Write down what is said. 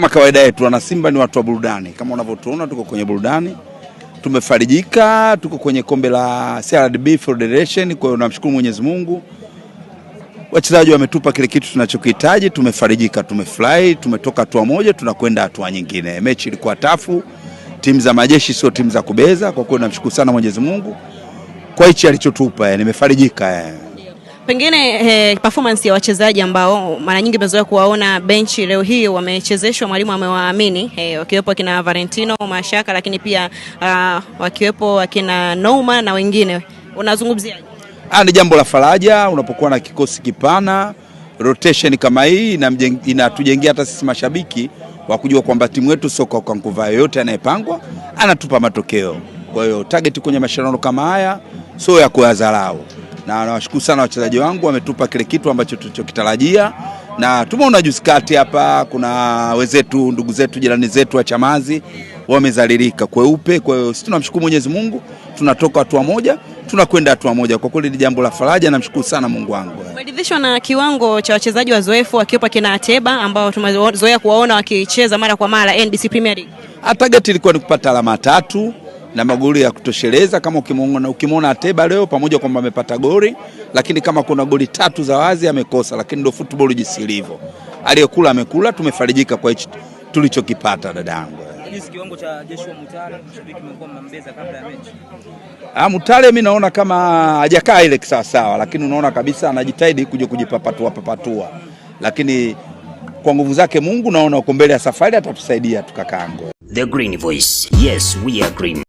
Kama kawaida yetu wanasimba ni watu wa burudani, kama unavyotuona tuko kwenye burudani, tumefarijika, tuko kwenye kombe la CRDB Federation. Kwa hiyo namshukuru Mwenyezi Mungu, wachezaji wametupa kile kitu tunachokihitaji, tumefarijika, tumefurahi, tumetoka hatua moja tunakwenda hatua nyingine. Mechi ilikuwa tafu, timu za majeshi sio timu za kubeza. Kwa hiyo namshukuru sana Mwenyezi Mungu kwa hichi alichotupa, nimefarijika. Pengine eh, performance ya wachezaji ambao mara nyingi mezoea kuwaona benchi, leo hii wamechezeshwa, mwalimu amewaamini eh, wakiwepo akina Valentino Mashaka, lakini pia uh, wakiwepo akina Noma na wengine, unazungumziaje? Ah, ni jambo la faraja unapokuwa na kikosi kipana, rotation kama hii inatujengea hata sisi mashabiki wa kujua kwamba timu yetu soka kwa nguvu yoyote, anayepangwa anatupa matokeo. Kwa hiyo target kwenye mashindano kama haya sio ya kuyadharau na nawashukuru sana wachezaji wangu, wametupa kile kitu ambacho tulichokitarajia, na tumeona juzi kati hapa kuna wenzetu, ndugu zetu, jirani zetu wa Chamazi wamezalilika kweupe. Kwa hiyo sisi tunamshukuru Mwenyezi Mungu, tunatoka hatua moja tunakwenda hatua moja. Kwa kweli ni jambo la faraja, namshukuru sana Mungu wangu. Umeridhishwa na kiwango cha wachezaji wazoefu akiwepo kina Ateba ambao tumezoea kuwaona wakicheza mara kwa mara NBC Premier League? Target ilikuwa ni kupata alama tatu na magoli ya kutosheleza kama ukimwona ukimuona Ateba leo, pamoja kwamba amepata goli, lakini kama kuna goli tatu za wazi amekosa, lakini ndio football jinsi ilivyo. Aliyekula amekula, tumefarijika kwa hicho tulichokipata, dadangu. Kiwango Mutale, Ah, Mutale mimi naona kama hajakaa ile kisawa sawa, lakini unaona kabisa anajitahidi kuja kujipapatua papatua, lakini kwa nguvu zake Mungu naona uko mbele ya safari, atatusaidia tukakango. The Green Voice. Yes, we are green.